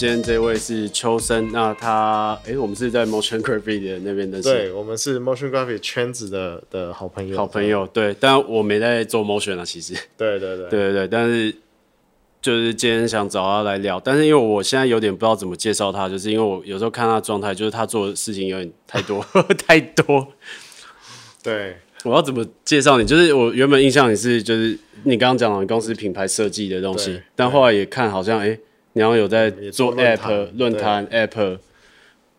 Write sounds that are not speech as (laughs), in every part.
今天這位是邱森，那他哎、欸，我們是在 motion graphic 的那邊的，對，我們是 motion graphic 圈子的的好朋友，好朋友對，對，但我沒在做 motion 啊，其實。對對對，對對，對但是就是今天想找他來聊，但是因為我現在有點不知道怎麼介紹他，就是因為我有時候看他狀態，就是他做的事情有點太多 (laughs) (laughs) 太多，對，我要怎麼介紹你？就是我原本印象你是就是你剛剛講你公司品牌設計的東西，但後來也看好像哎。欸然後有在做 app 論壇、嗯 app，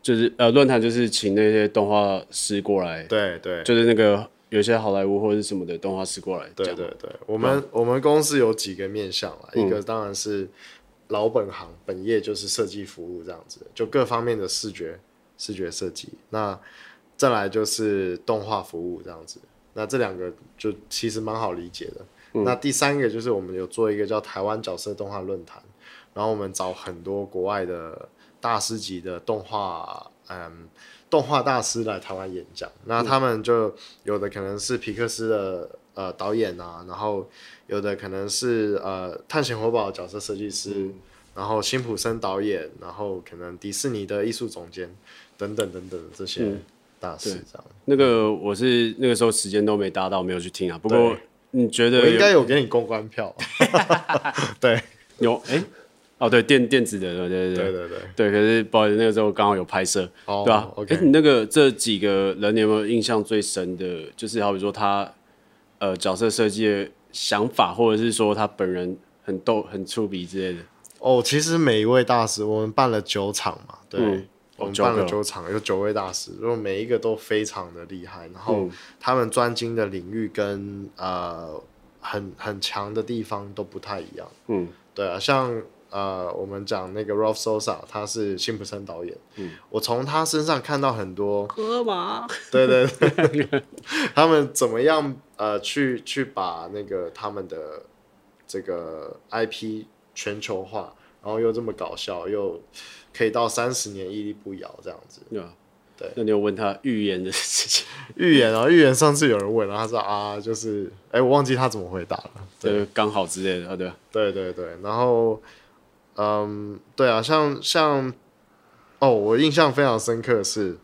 就是呃論壇就是請那些動畫師過來，對對，就是那個有些好萊塢或者什麼的動畫師過來，對對對，我們、嗯、我們公司有幾個面向啦，一個當然是老本行、嗯、本業就是設計服務這樣子，就各方面的視覺視覺設計，那再來就是動畫服務這樣子，那這兩個就其實蠻好理解的、嗯，那第三個就是我們有做一個叫台灣角色動畫論壇。然後我們找很多國外的大師級的動畫，嗯，動畫大師來台灣演講。那他們就有的可能是皮克斯的呃導演啊，然後有的可能是呃探險活寶角色設計師，嗯、然後辛普森導演，然後可能迪士尼的藝術總監等等等等這些大師這樣、嗯嗯。那個我是那個時候時間都沒搭到，沒有去聽啊。不過你覺得我應該有給你公關票？ (laughs) (laughs) 對，有、欸哦，對，電電子的，對對對對對對，對，對。可是，不好意思，那個時候剛好有拍攝，嗯 oh, 對吧、啊、？OK，你那個這幾個人，你有沒有印象最深的？就是，好比說他、呃，角色設計的想法，或者是說他本人很逗、很粗鄙之類的。哦，其實每一位大師，我們辦了九場嘛，對，嗯、我們辦了九場，有、嗯、九位大師，如果每一個都非常的厲害，然後他們專精的領域跟、呃、很很強的地方都不太一樣。嗯，對啊，像。呃，我們講那個 Rolf Sosa，他是辛普森導演。嗯，我從他身上看到很多。黑、啊、馬。對對對。 (laughs) 他們怎麼樣呃，去去把那個他們的這個 IP 全球化，然後又這麼搞笑，又可以到三十年屹立不搖這樣子。嗯、對，那你有問他預言的事情？預言啊，預言。然後預言上次有人問然後他說啊，就是哎、欸，我忘記他怎麼回答了。對，剛好之類的、啊，對。對對對，然後。嗯、um，對啊，像像哦，我印象非常深刻是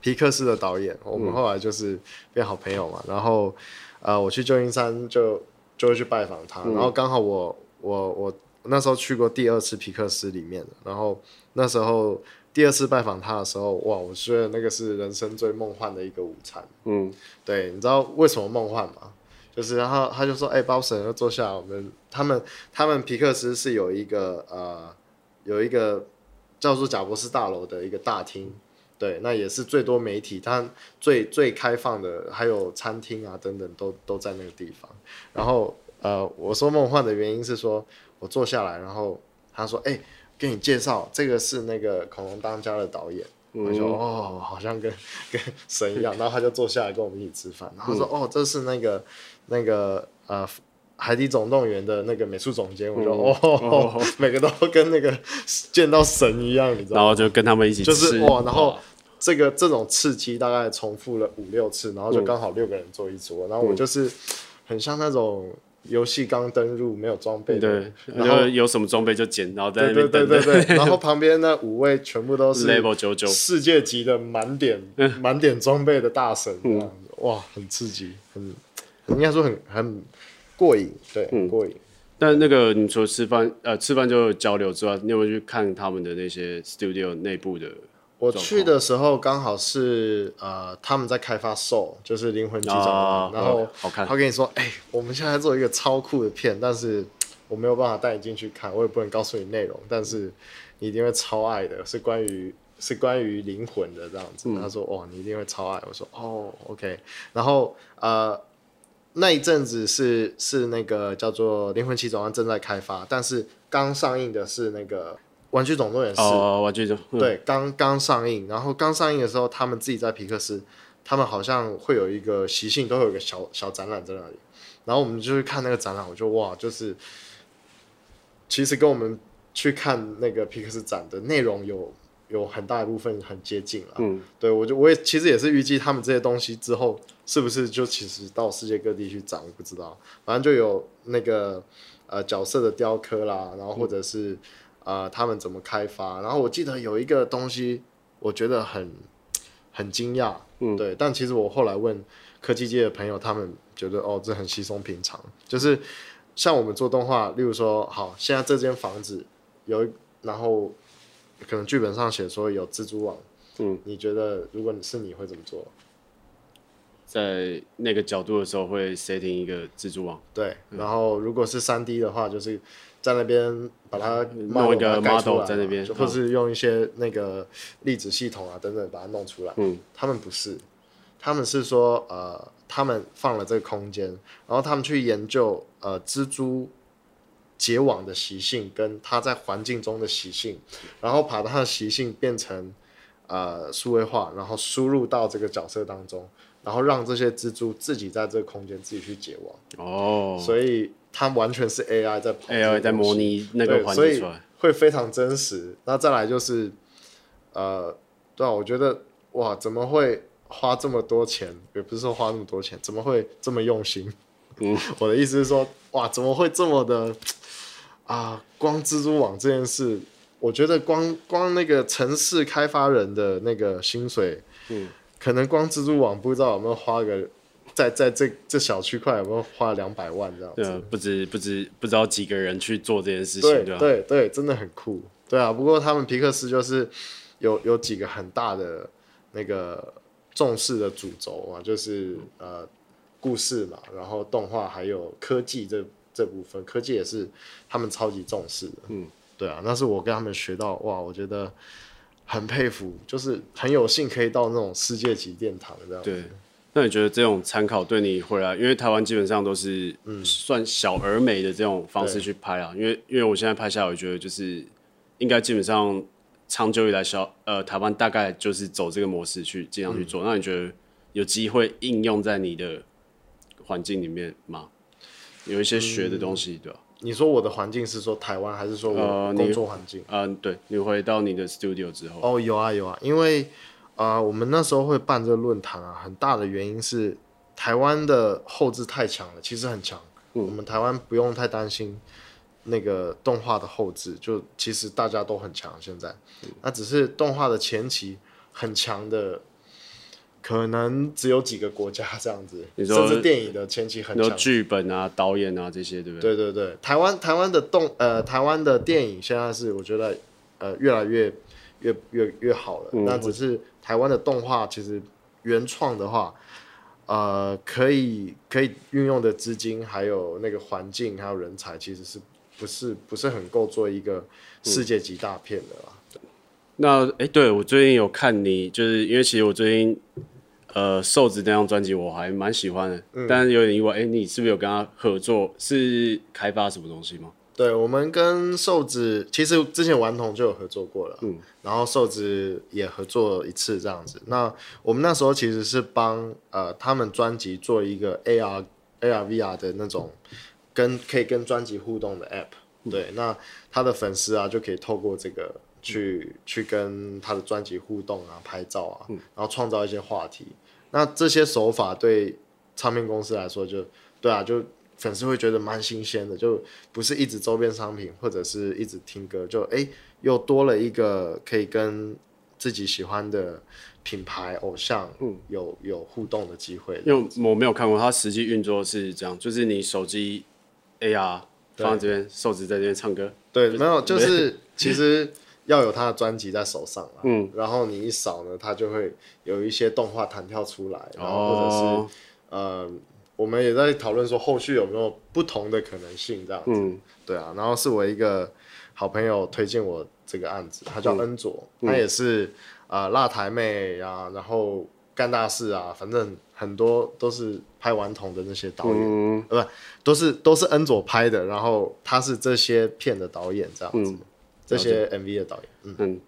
皮克斯的導演、嗯，我們後來就是變好朋友嘛。然後，呃，我去舊金山就就會去拜訪他，嗯、然後剛好我我我那時候去過第二次皮克斯裡面，然後那時候第二次拜訪他的時候，哇，我覺得那個是人生最夢幻的一個午餐。嗯，對，你知道為什麼夢幻嗎？就是，然後他就說：“哎、欸，包神，要坐下。”我們他們他們皮克斯是有一個呃，有一個叫做賈伯斯大樓的一個大廳，對，那也是最多媒體，他最最開放的，還有餐廳啊等等都都在那個地方。然後呃，我說夢幻的原因是說，我坐下來，然後他說：“哎、欸，給你介紹，這個是那個恐龍當家的導演。嗯”我就說：“哦，好像跟跟神一樣。”然後他就坐下來跟我們一起吃飯，嗯、然後他說：“哦，這是那個。”那個呃，《海底總動員》的那個美術總監，我就、嗯、哦，哦，哦，哦，每個都跟那個見到神一樣，你知道？然後就跟他們一起就是哇，哇，然後這個這種刺激大概重複了五六次，然後就剛好六個人坐一桌，嗯，然後我就是很像那種遊戲剛登入沒有裝備的，對然後有什麼裝備就撿，然後在那等等對，對，對對對，然後旁邊那五位全部都是 level 九九世界級的滿點滿 (laughs) 點裝備的大神，嗯，哇，很刺激，很、嗯。應該說很很過癮，對，很、嗯、過癮。但那個，你除了吃飯，呃，吃飯就交流之外，你有沒有去看他們的那些 studio 內部的？我去的時候剛好是呃，他們在開發 Soul，就是靈魂制造、哦。然後、哦，好看。他跟你說，哎、欸，我們現在做一個超酷的片，但是我沒有辦法帶你進去看，我也不能告訴你內容，但是你一定會超愛的，是關於是關於靈魂的這樣子、嗯。他說，哦，你一定會超愛的。我說，哦，OK。然後，呃。那一陣子是是那個叫做《靈魂急轉彎》啊正在開發，但是剛上映的是那個《玩具總動員4》哦，哦，玩具總、嗯、對，剛剛上映，然後剛上映的時候，他們自己在皮克斯，他們好像會有一個習性，都會有一個小小展覽在那裡，然後我們就去看那個展覽，我就哇，就是其實跟我們去看那個皮克斯展的內容有。有很大一部分很接近了。嗯，嗯，對我就我也其實也是預計他們這些東西之後是不是就其實到世界各地去展，我不知道。反正就有那個呃角色的雕刻啦，然後或者是啊、嗯呃、他們怎麼開發，然後我記得有一個東西我覺得很很驚訝，嗯，對，但其實我後來問科技界的朋友，他們覺得哦這很稀鬆平常，就是像我們做動畫，例如說好現在這間房子有然後。可能劇本上寫說有蜘蛛網，嗯，你覺得如果你是你會怎麼做？在那個角度的時候會 setting 一個蜘蛛網，對。嗯，然後如果是三 D 的話，就是在那邊把它弄一個 model 在那邊，或是用一些那個粒子系統啊等等把它弄出來。嗯，他們不是，他們是說呃，他們放了這個空間，然後他們去研究呃蜘蛛。結網的習性跟他在環境中的習性，然後把他的習性變成呃數位化，然後輸入到這個角色當中，然後讓這些蜘蛛自己在這個空間自己去結網。哦，oh，所以他完全是 AI 在 AI 在模擬那個環境，所以會非常真實。那再來就是呃，對啊，我覺得哇，怎麼會花這麼多錢？也不是說花那麼多錢，怎麼會這麼用心？ (laughs) (laughs) (laughs) 我的意思是說，哇，怎麼會這麼的？啊，光蜘蛛網這件事，我覺得光光那個城市開發人的那個薪水，嗯，可能光蜘蛛網不知道有沒有花個，在在這這小區塊有沒有花兩百萬這樣子，啊、不知不知不知道幾個人去做這件事情，對對、啊、對，對，真的很酷，對啊。不過他們皮克斯就是有有幾個很大的那個重視的主軸啊，就是、嗯、呃故事嘛，然後動畫還有科技這。這部分科技也是他們超級重視的。嗯，對啊，那是我跟他們學到哇，我覺得很佩服，就是很有幸可以到那種世界級殿堂這樣。對，那你覺得這種參考對你回來，因為台灣基本上都是嗯，算小而美的這種方式去拍啊，嗯、因為因為我現在拍下來，我覺得就是應該基本上長久以來小呃台灣大概就是走這個模式去盡量去做、嗯。那你覺得有機會應用在你的環境裡面嗎？有一些學的東西，嗯，對吧？你說我的環境是說台灣，還是說我的工作環境？嗯、呃呃，對，你回到你的 studio 之後，哦、oh,，有啊有啊，因為啊、呃，我們那時候會辦這個論壇啊，很大的原因是台灣的後製太強了，其實很強，嗯。我們台灣不用太擔心那個動畫的後製，就其實大家都很強。現在，嗯，那只是動畫的前期很強的。可能只有幾個國家這樣子，你說？甚至電影的前期很多劇本啊、導演啊這些，對不對？對對對，台灣台灣的動呃，台灣的電影現在是我覺得呃越來越越越，越好了、嗯。那只是台灣的動畫其實原創的話，呃，可以可以運用的資金，還有那個環境，還有人才，其實是不是不是很夠做一個世界級大片的吧？那哎、嗯，對、欸、對，我最近有看你，就是因為其實我最近。呃，瘦子那張專輯我還蠻喜歡的，嗯，但是有點意外。哎，欸，你是不是有跟他合作？是開發什麼東西嗎？對，我們跟瘦子其實之前頑童就有合作過了，嗯，然後瘦子也合作一次這樣子。那我們那時候其實是幫呃他們專輯做一個 AR AR VR 的那種跟可以跟專輯互動的 App，嗯。對，那他的粉絲啊就可以透過這個去，嗯，去跟他的專輯互動啊，拍照啊，嗯，然後創造一些話題。那這些手法對唱片公司來說就，就對啊，就粉絲會覺得蠻新鮮的，就不是一直周邊商品或者是一直聽歌，就哎又、欸、多了一個可以跟自己喜歡的品牌偶像，嗯，有有互動的機會。因為我沒有看過他實際運作是這樣，就是你手機 AR 放這邊，瘦子在這邊唱歌，對，沒有，就是其實。 (laughs) 要有他的專輯在手上，嗯，然後你一掃呢，他就會有一些動畫彈跳出來，哦、然後或者是、呃，我們也在討論說後續有沒有不同的可能性這樣子，嗯、對啊，然後是我一個好朋友推薦我這個案子，他叫恩佐、嗯，他也是啊、嗯呃、辣台妹啊，然後幹大事啊，反正很多都是拍頑童的那些導演，嗯，不對，都是都是恩佐拍的，然後他是這些片的導演這樣子。嗯這些 MV 的導演，嗯，嗯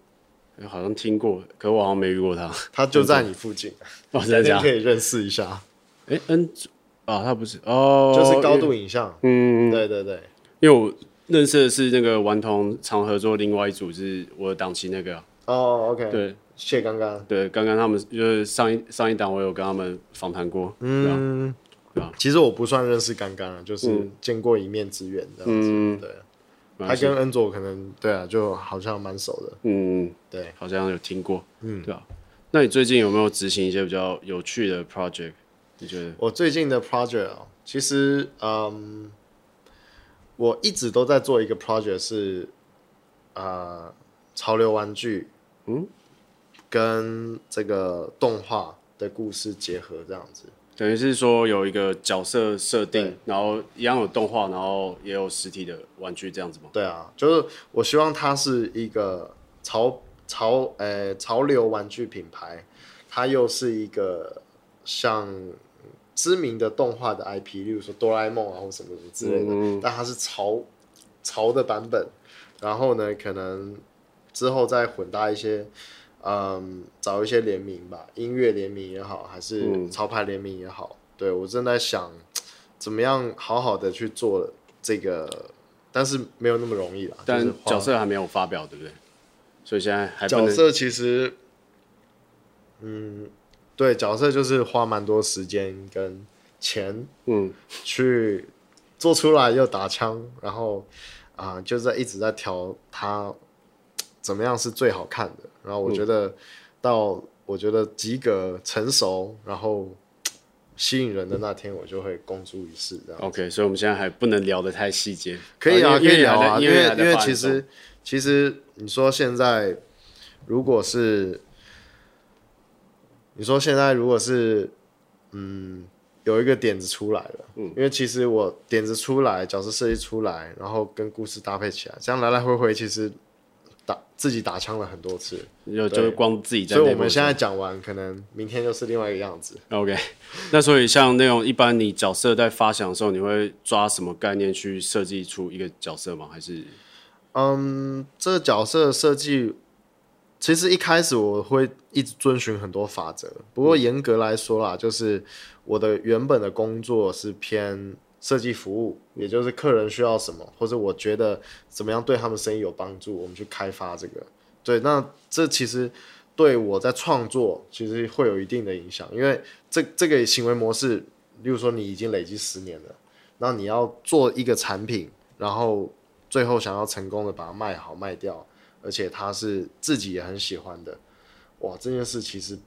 欸、好像聽過，可是我好像沒遇過他。他就在你附近，哪、嗯、家、 (laughs) 哦、再 (laughs) 可以認識一下？哎，N 組啊，他不是哦，就是高度影像，嗯，對對對。因為我認識的是那個頑童，常合作另外一組是我的檔期那個、啊。哦，OK，對，謝謝剛剛，對，剛剛他們就是上一上一檔，我有跟他們訪談過。嗯，對啊，其實我不算認識剛剛啊，就是見過一面之緣這樣子，嗯、對。他跟恩佐可能對啊，就好像蠻熟的。嗯，對，好像有聽過。嗯，對啊、嗯。那你最近有沒有執行一些比較有趣的 project？你覺得？我最近的 project 啊，其實嗯，我一直都在做一個 project 是啊、呃，潮流玩具嗯，跟這個動畫的故事結合這樣子。等於是說有一個角色設定，然後一樣有動畫，然後也有實體的玩具這樣子嗎？對啊，就是我希望它是一個潮潮，呃，潮流玩具品牌，它又是一個像知名的動畫的 IP，例如說哆啦 A 夢啊或什麼什麼之類的，嗯嗯，但它是潮潮的版本，然後呢，可能之後再混搭一些。嗯，找一些聯名吧，音樂聯名也好，還是潮牌聯名也好，嗯、對，我正在想怎麼樣好好的去做這個，但是沒有那麼容易了。但、就是角色還沒有發表，對不對？所以現在還角色其實，嗯，對，角色就是花蠻多時間跟錢，嗯，去做出來又打槍，然後啊、呃，就在一直在調他，怎麼樣是最好看的？然後我覺得，到我覺得及格、成熟、嗯，然後吸引人的那天，我就會公諸於世。這樣 OK，所以我們現在還不能聊得太細節。可以啊，啊，可以聊啊，因為、啊、因為因為其實其實你說現在如果是你說現在如果是嗯有一個點子出來了，嗯，因為其實我點子出來，角色設計出來，然後跟故事搭配起來，這樣來來回回其實。打自己打槍了很多次，就就光自己在那邊。所以我們現在講完，可能明天就是另外一個樣子。OK，那所以像那種一般，你角色在發想的時候，你會抓什麼概念去設計出一個角色嗎？還是？嗯，這個角色設計其實一開始我會一直遵循很多法則，不過嚴格來說啦，嗯，就是我的原本的工作是偏。設計服務，也就是客人需要什麼，或者我覺得怎麼樣對他們生意有幫助，我們去開發這個。對，那這其實對我在創作其實會有一定的影響，因為這這個行為模式，例如說你已經累積十年了，那你要做一個產品，然後最後想要成功的把它賣好賣掉，而且它是自己也很喜歡的，哇，這件事其實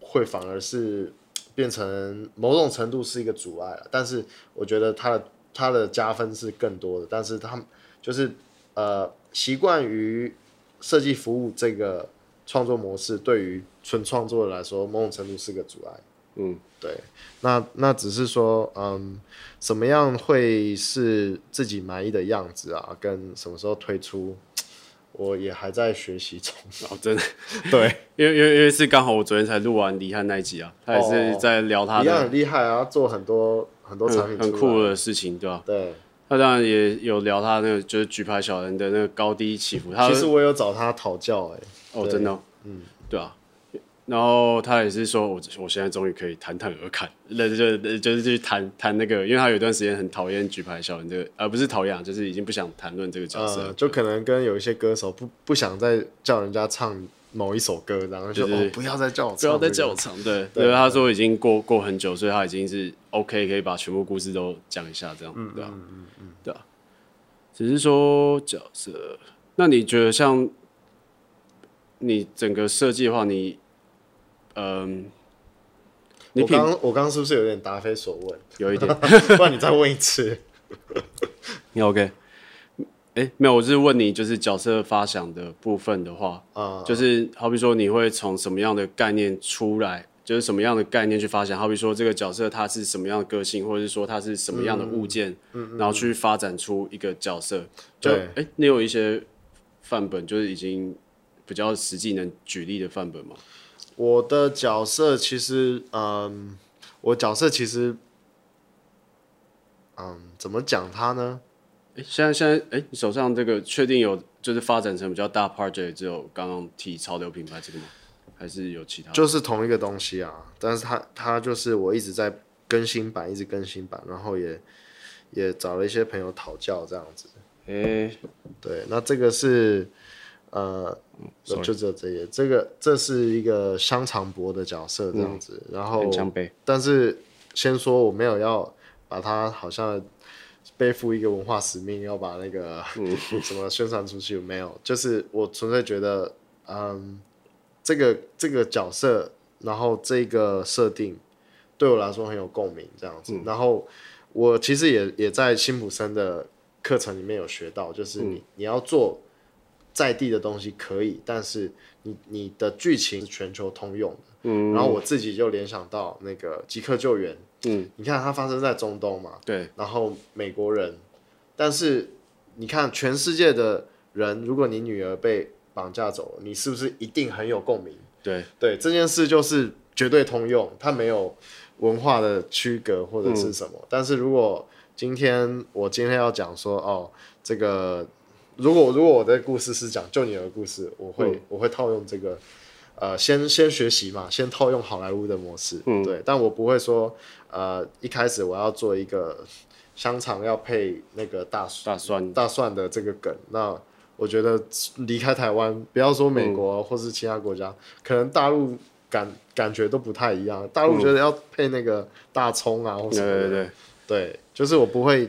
會反而是。變成某種程度是一個阻礙了，但是我覺得它的它的加分是更多的，但是他就是呃習慣於設計服務這個創作模式，對於純創作的人來說，某種程度是一個阻礙。嗯，對，那那只是說，嗯，什麼樣會是自己滿意的樣子啊？跟什麼時候推出？我也還在學習中然後、哦、真的，對，因為因為因為是剛好我昨天才錄完李翰那集啊，他也是在聊他的，李、哦、翰很厲害啊，他做很多很多產品、嗯、很酷、cool、的事情，對吧、啊？對，他當然也有聊他那個就是舉牌小人的那個高低起伏，他其實我有找他討教哎、欸，哦，真的、哦，嗯，對啊。然後他也是說我，我我現在終於可以侃侃而談，就就就是去談談那個，因為他有段時間很討厭舉牌小人這個、而、呃、不是討厭啊，就是已經不想談論這個角色、啊呃，就可能跟有一些歌手不不想再叫人家唱某一首歌，然後就、哦、不要再叫我唱、這個、不要再叫我唱，對，對，對對對對，他說已經過過很久，所以他已經是 OK，可以把全部故事都講一下這樣，對、嗯、對、嗯嗯嗯、只是說角色，那你覺得像你整個設計的話，你。嗯，我剛你我剛剛是不是有點答非所問？有一點， (laughs) 不然你再問一次 (laughs) 。你 (laughs) OK？哎，沒有，我就是問你，就是角色發想的部分的話，啊、嗯，就是好比說你會從什麼樣的概念出來，就是什麼樣的概念去發想？好比說這個角色它是什麼樣的個性，或者是說它是什麼樣的物件，嗯、然後去發展出一個角色。嗯、就哎，你有一些範本，就是已經比較實際能舉例的範本嗎？我的角色其實，嗯，我角色其實，嗯，怎麼講他呢？哎，現在現在，哎、欸，你手上這個確定有就是發展成比較大 project，只有剛剛提潮流品牌這個嗎？還是有其他？就是同一個東西啊，但是他他就是我一直在更新版，一直更新版，然後也也找了一些朋友討教這樣子。哎、欸，對，那這個是。呃，Sorry. 就只有這些。這個這是一個香腸博的角色這樣子，嗯、然後，但是先說我沒有要把它好像背負一個文化使命，要把那個、嗯、 (laughs) 什麼宣傳出去，沒有。就是我純粹覺得，嗯，這個這個角色，然後這個設定對我來說很有共鳴這樣子、嗯。然後我其實也也在辛普森的課程裡面有學到，就是你、嗯、你要做。在地的東西可以，但是你你的劇情全球通用，嗯。然後我自己就聯想到那個《即刻救援》。嗯。你看它發生在中東嘛？對。然後美國人，但是你看全世界的人，如果你女兒被綁架走了，你是不是一定很有共鳴？對。對這件事就是絕對通用，它沒有文化的區隔或者是什麼。嗯、但是如果今天我今天要講說哦，這個。如果如果我的故事是講就你的故事，我會、嗯、我會套用這個，呃，先先學習嘛，先套用好萊塢的模式、嗯，對。但我不會說，呃，一開始我要做一個香腸要配那個大大蒜大蒜的這個梗。那我覺得離開台灣，不要說美國或是其他國家，嗯、可能大陸感感覺都不太一樣。大陸覺得要配那個大蔥啊，或什麼的、嗯。對對對，對，就是我不會，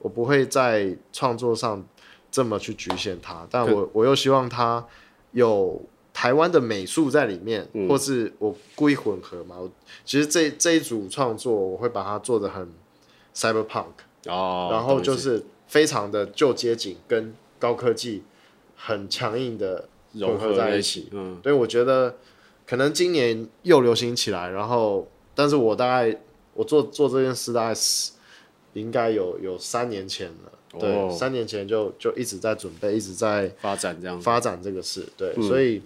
我不會在創作上。這麼去局限它，但我我又希望它有台灣的美術在裡面，嗯，或是我故意混合嘛。其實這這一組創作，我會把它做的很 cyberpunk，哦，然後就是非常的舊街景跟高科技很強硬的融合在一起。嗯，所以我覺得可能今年又流行起來，然後，但是我大概我做做這件事大概應該有有三年前了。對、哦，三年前就就一直在準備，一直在發展這樣發展這個事。對，嗯、所以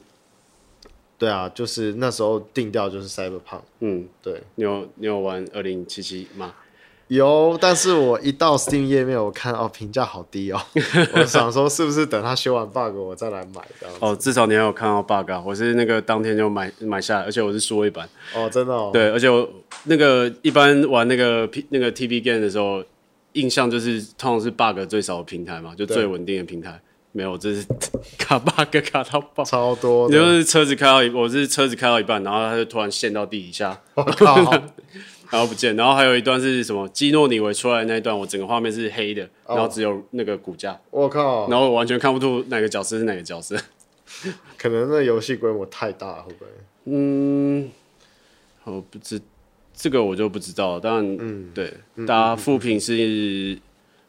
對啊，就是那時候定調就是 Cyberpunk。嗯，對。你有你有玩二零七七嗎？有，但是我一到 Steam 頁面，我看哦，評價好低哦。 (laughs) 我想說，是不是等他修完 bug 我再來買？哦，至少你還有看到 bug、啊。我是那個當天就買買下來，而且我是縮一版。哦，真的、哦。對，而且我那個一般玩那個 P 那個 TV Game 的時候。印象就是通常是 bug 最少的平台嘛，就最穩定的平台。沒有，這是卡 bug 卡到爆，超多的。你就是車子開到一半，我是車子開到一半，然後它就突然陷到地底下，oh, (laughs) 然後不見。然後還有一段是什麼基努李維出來那一段，我整個畫面是黑的，oh. 然後只有那個骨架。我靠！然後我完全看不出哪個角色是哪個角色。可能那遊戲規模太大了，會不會？嗯，我不知道。這個我就不知道，但嗯，對，嗯、大家負評是、嗯，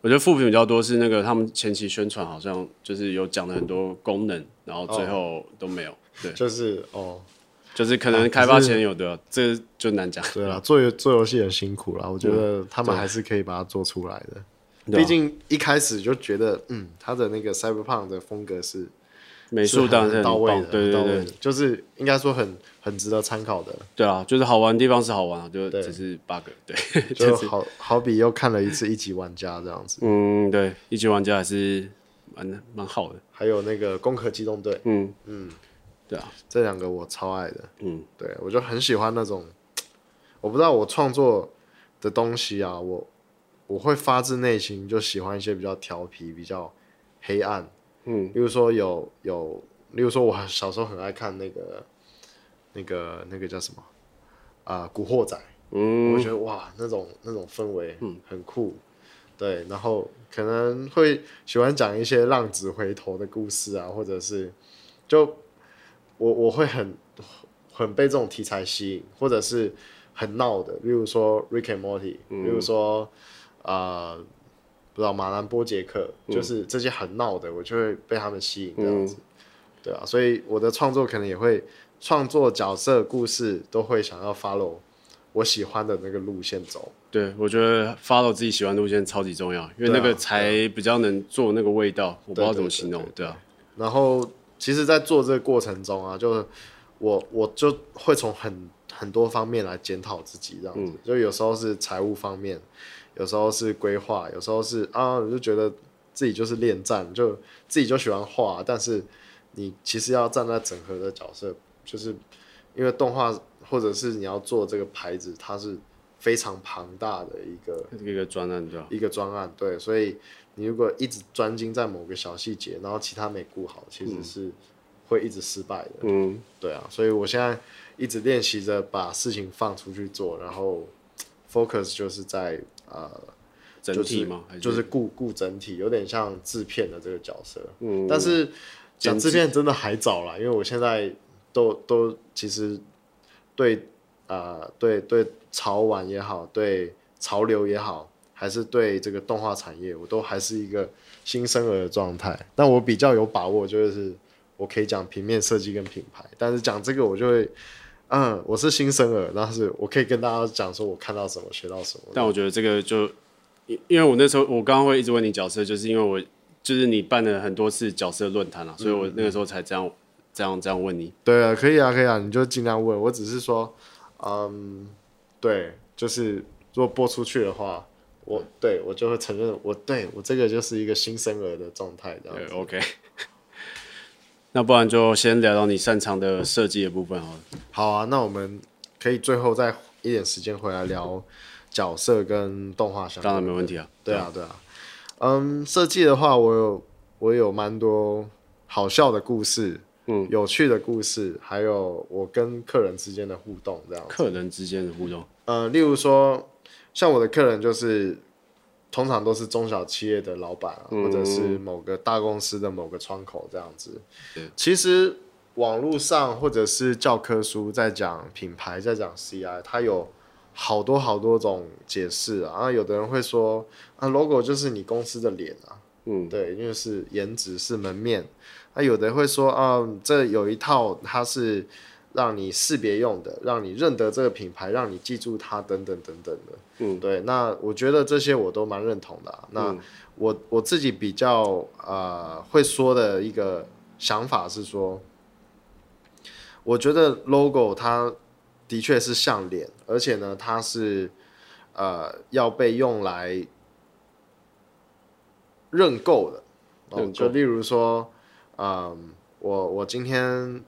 我覺得負評比較多是那個他們前期宣傳好像就是有講了很多功能、哦，然後最後都沒有，對，就是哦，就是可能開發前有的，啊、這個、就難講、啊。對啦，做做遊戲很辛苦啦、嗯，我覺得他們還是可以把它做出來的，畢竟一開始就覺得嗯，他的那個 Cyberpunk 的風格是。美術當然到位，的是到位的，對對對，到位的就是應該說很很值得參考的。對啊，就是好玩的地方是好玩啊，就只是 bug 對。對，就好好比又看了一次一級玩家，這樣子。 (laughs) 嗯，對，一級玩家還是蠻蠻好的。還有那個攻殼機動隊，嗯嗯，對啊，這兩個我超愛的。嗯，對，我就很喜歡那種，我不知道我創作的東西啊，我我會發自內心就喜歡一些比較調皮、比較黑暗，嗯，例如說有有，例如說我小時候很愛看那個，那個那個叫什麼啊，呃《古惑仔》。嗯，我覺得哇，那種那種氛圍，很酷，嗯。對，然後可能會喜歡講一些浪子回頭的故事啊，或者是就我我會很很被這種題材吸引，或者是很鬧的，例如說《Rick and Morty》，嗯，例如說啊。呃不知道馬男波傑克，嗯，就是這些很鬧的，我就會被他們吸引這樣子，嗯、對啊，所以我的創作可能也會創作角色故事，都會想要 follow 我喜歡的那個路線走。對，我覺得 follow 自己喜歡路線超級重要，因為那個才比較能做那個味道，啊，我不知道怎麼形容，對、對、對、對、對、對啊。然後其實，在做這個過程中啊，就是我我就會從很很多方面來檢討自己這樣子，嗯、就有時候是財務方面。有時候是規劃，有時候是啊，我就覺得自己就是戀戰，就自己就喜歡畫。但是你其實要站在整合的角色，就是因為動畫或者是你要做這個牌子，它是非常龐大的一個一個專案，對，一個專案，對。所以你如果一直專精在某個小細節，然後其他沒顧好，其實是會一直失敗的。嗯，對啊。所以我現在一直練習着把事情放出去做，然後 focus 就是在。呃，整體嗎？就是顧顧整體，有點像製片的這個角色。嗯，但是講製片真的還早啦、嗯，因為我現在都都其實對啊、呃、對對潮玩也好，對潮流也好，還是對這個動畫產業，我都還是一個新生兒的狀態。但我比較有把握，就是我可以講平面設計跟品牌，但是講這個我就會。嗯，我是新生兒，但是我可以跟大家講說，我看到什麼，學到什麼。但我覺得這個就，因因為我那時候，我剛剛會一直問你角色，就是因為我就是你辦了很多次角色論壇啊，所以我那個時候才這樣這樣這樣問你。對啊，可以啊，可以啊，你就盡量問。我只是說，嗯，對，就是如果播出去的話，我對我就會承認，我對我這個就是一個新生兒的狀態。對，OK。那不然就先聊到你擅長的設計的部分好了。好啊，那我們可以最後再一點時間回來聊角色跟動畫相關。當然沒問題啊，對啊，對啊。對啊。嗯，設計的話，我有我有蠻多好笑的故事，嗯，有趣的故事，還有我跟客人之間的互動這樣。客人之間的互動，嗯，呃，例如說，像我的客人就是。通常都是中小企業的老闆啊，或者是某個大公司的某個窗口這樣子。嗯，其實網絡上或者是教科書在講品牌，在講 CI，它有好多好多種解釋啊，啊，有的人會說啊，logo 就是你公司的臉啊，嗯，對，因為是顏值是門面。啊，有的人會說啊，這有一套它是。讓你識別用的，讓你認得這個品牌，讓你記住它，等等等等的、嗯。對。那我覺得這些我都蠻認同的、啊。那我、嗯、我自己比較啊、呃，會說的一個想法是說，我覺得 logo 它的確是像臉，而且呢，它是、呃、要被用來認購的、認購、哦。就例如說，嗯、呃，我我今天。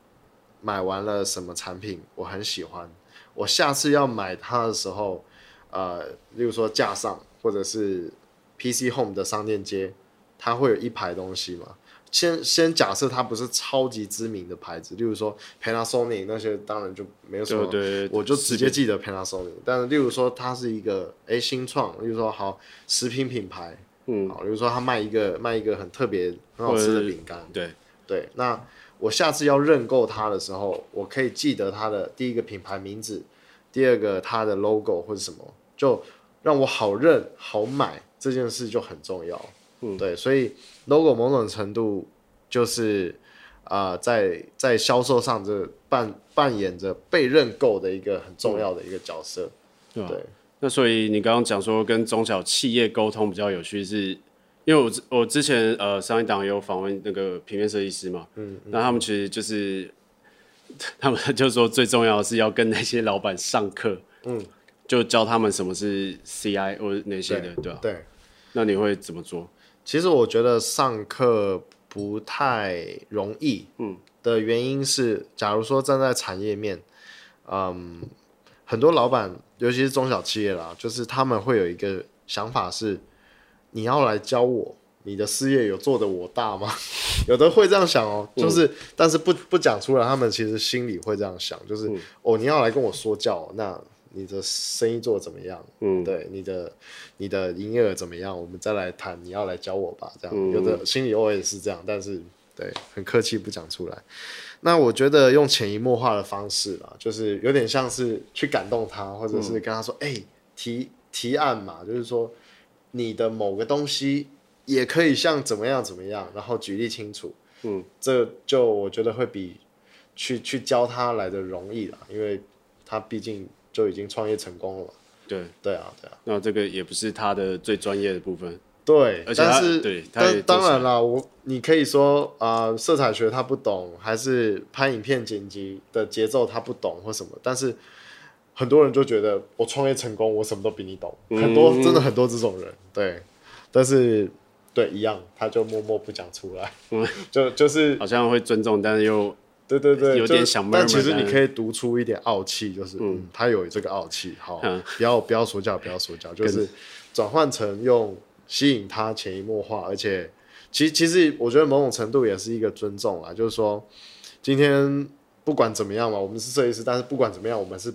買完了什麼產品，我很喜歡。我下次要買它的時候，呃，例如說架上或者是 PC Home 的商店街，它會有一排東西嘛。先先假設它不是超級知名的牌子，例如說 Panasonic 那些，當然就沒有什麼，對對對，我就直接記得 Panasonic 對對對。但是例如說它是一個欸新創，例如說好食品品牌，嗯，好，例如說它賣一個賣一個很特別很好吃的餅乾，對對，那。我下次要認購它的時候，我可以記得它的第一個品牌名字，第二個它的 logo 或者什麼，就讓我好認好買這件事就很重要。嗯，對，所以 logo 某種程度就是啊、呃，在在銷售上這，這扮扮演着被認購的一個很重要的一個角色。嗯、對，那所以你剛剛講說跟中小企業溝通比較有趣是。因為我我之前呃上一檔有訪問那個平面設計師嘛，嗯，那他們其實就是，嗯、他們就說最重要是要跟那些老闆上課，嗯，就教他們什麼是 C I 或者那些的，對吧、啊？對。那你會怎麼做？其實我覺得上課不太容易，嗯，的原因是，假如說站在產業面，嗯，很多老闆，尤其是中小企業啦，就是他們會有一個想法是，你要來教我？你的事業有做得我大嗎？ (laughs) 有的會這樣想哦、喔嗯，就是，但是不不講出來，他們其實心裡會這樣想，就是、嗯、哦，你要來跟我說教，那你的生意做怎麼樣？嗯，對，你的你的營業額怎麼樣？我們再來談，你要來教我吧，這樣有的心裡偶爾也是這樣，但是對，很客氣不講出來。那我覺得用潛移默化的方式啦，就是有點像是去感動他，或者是跟他說，哎、嗯欸，提提案嘛，就是說。你的某個東西也可以像怎麼樣怎麼樣，然後舉例清楚，嗯，這就我覺得會比去去教他來的容易啦，因為他畢竟就已經創業成功了。對對啊對啊，那這個也不是他的最專業的部分。對，而且他但是對他，但當然啦，我你可以說啊、呃，色彩學他不懂，還是拍影片剪輯的節奏他不懂或什麼，但是。很多人就覺得我創業成功，我什麼都比你懂，嗯、很多真的很多這種人，對，但是對一樣，他就默默不講出來，嗯、就就是好像會尊重，但是又對對對，有點想。但其實你可以讀出一點傲氣，就是、嗯嗯、他有這個傲氣，好，嗯、不要不要說教，不要說教，就是轉換成用吸引他潛移默化，而且其、其實我覺得某種程度也是一個尊重啊，就是說今天不管怎麼樣嘛，我們是設計師，但是不管怎麼樣，我們是。